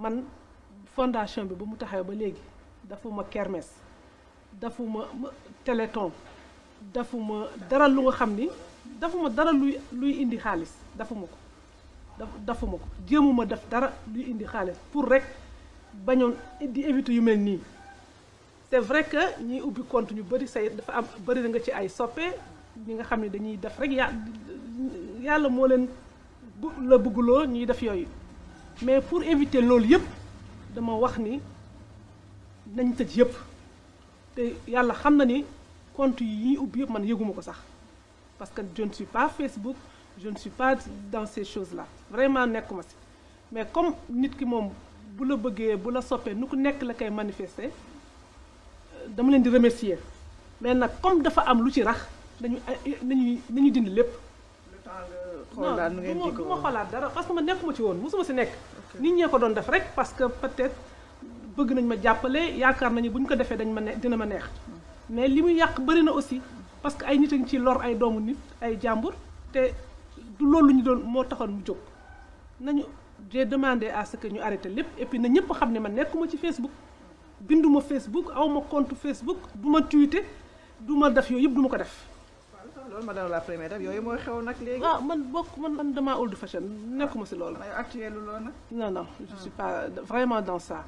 man fondation bi ba mu taxawee ba léegi dafuma kermesse dafuma téléthon dafuma dara lu nga xam ni dafuma dara luy luy indi xaalis dafuma ko dafuma ko jéemuma def dara luy indi xaalis pour rek bañoon di éviter yu mel nii c'est vrai que ñiy ubbi compte ñu bëri say dafa am bëri na nga ci ay soppe ñi nga xam ne dañuy def rek yàlla moo leen la bugguloo ñuy def yooyu mais pour éviter loolu yëpp dama wax ni nañ tëj yëpp te yàlla xam na ni compte yi ubbi yëpp man yëguma ko sax parce que je ne suis pas Facebook je ne suis pas dans ces choses là vraiment nekkuma si mais comme nit ki moom bu la bëggee bu la soppee nu ko nekk la koy manifester euh, dama leen di remercier mais nag comme dafa am lu ci rax nañu nañuy nañu dindi lépp xool daal nu ngeen di ko non du ma dara parce ma nekkuma ci woon mosuma si nekk. nit ñee ko doon def rek parce que peut bëgg nañ ma jàppale yaakaar nañu bu ñu ko defee dañ ma ne dina ma neex. mais li muy yàq bëri na aussi parce que ay nit a ngi ci lor ay doomu nit ay jàmbur te du loolu ñu doon moo taxoon mu jóg nañu j'ai demandé à que ñu arrêté lépp et na ñëpp xam ne ma nekkuma ci Facebook. binduma Facebook awma compte Facebook du ma tweeté du ma def yooyu yëpp duma ko def. loolu ma dalal la première étape yooyu mooy xew nag léegi. waaw ah, man bokk man man damaa old fashion nekkuma si loolu. waaye actuel loolu nag. non non je suis pas vraiment dans ça.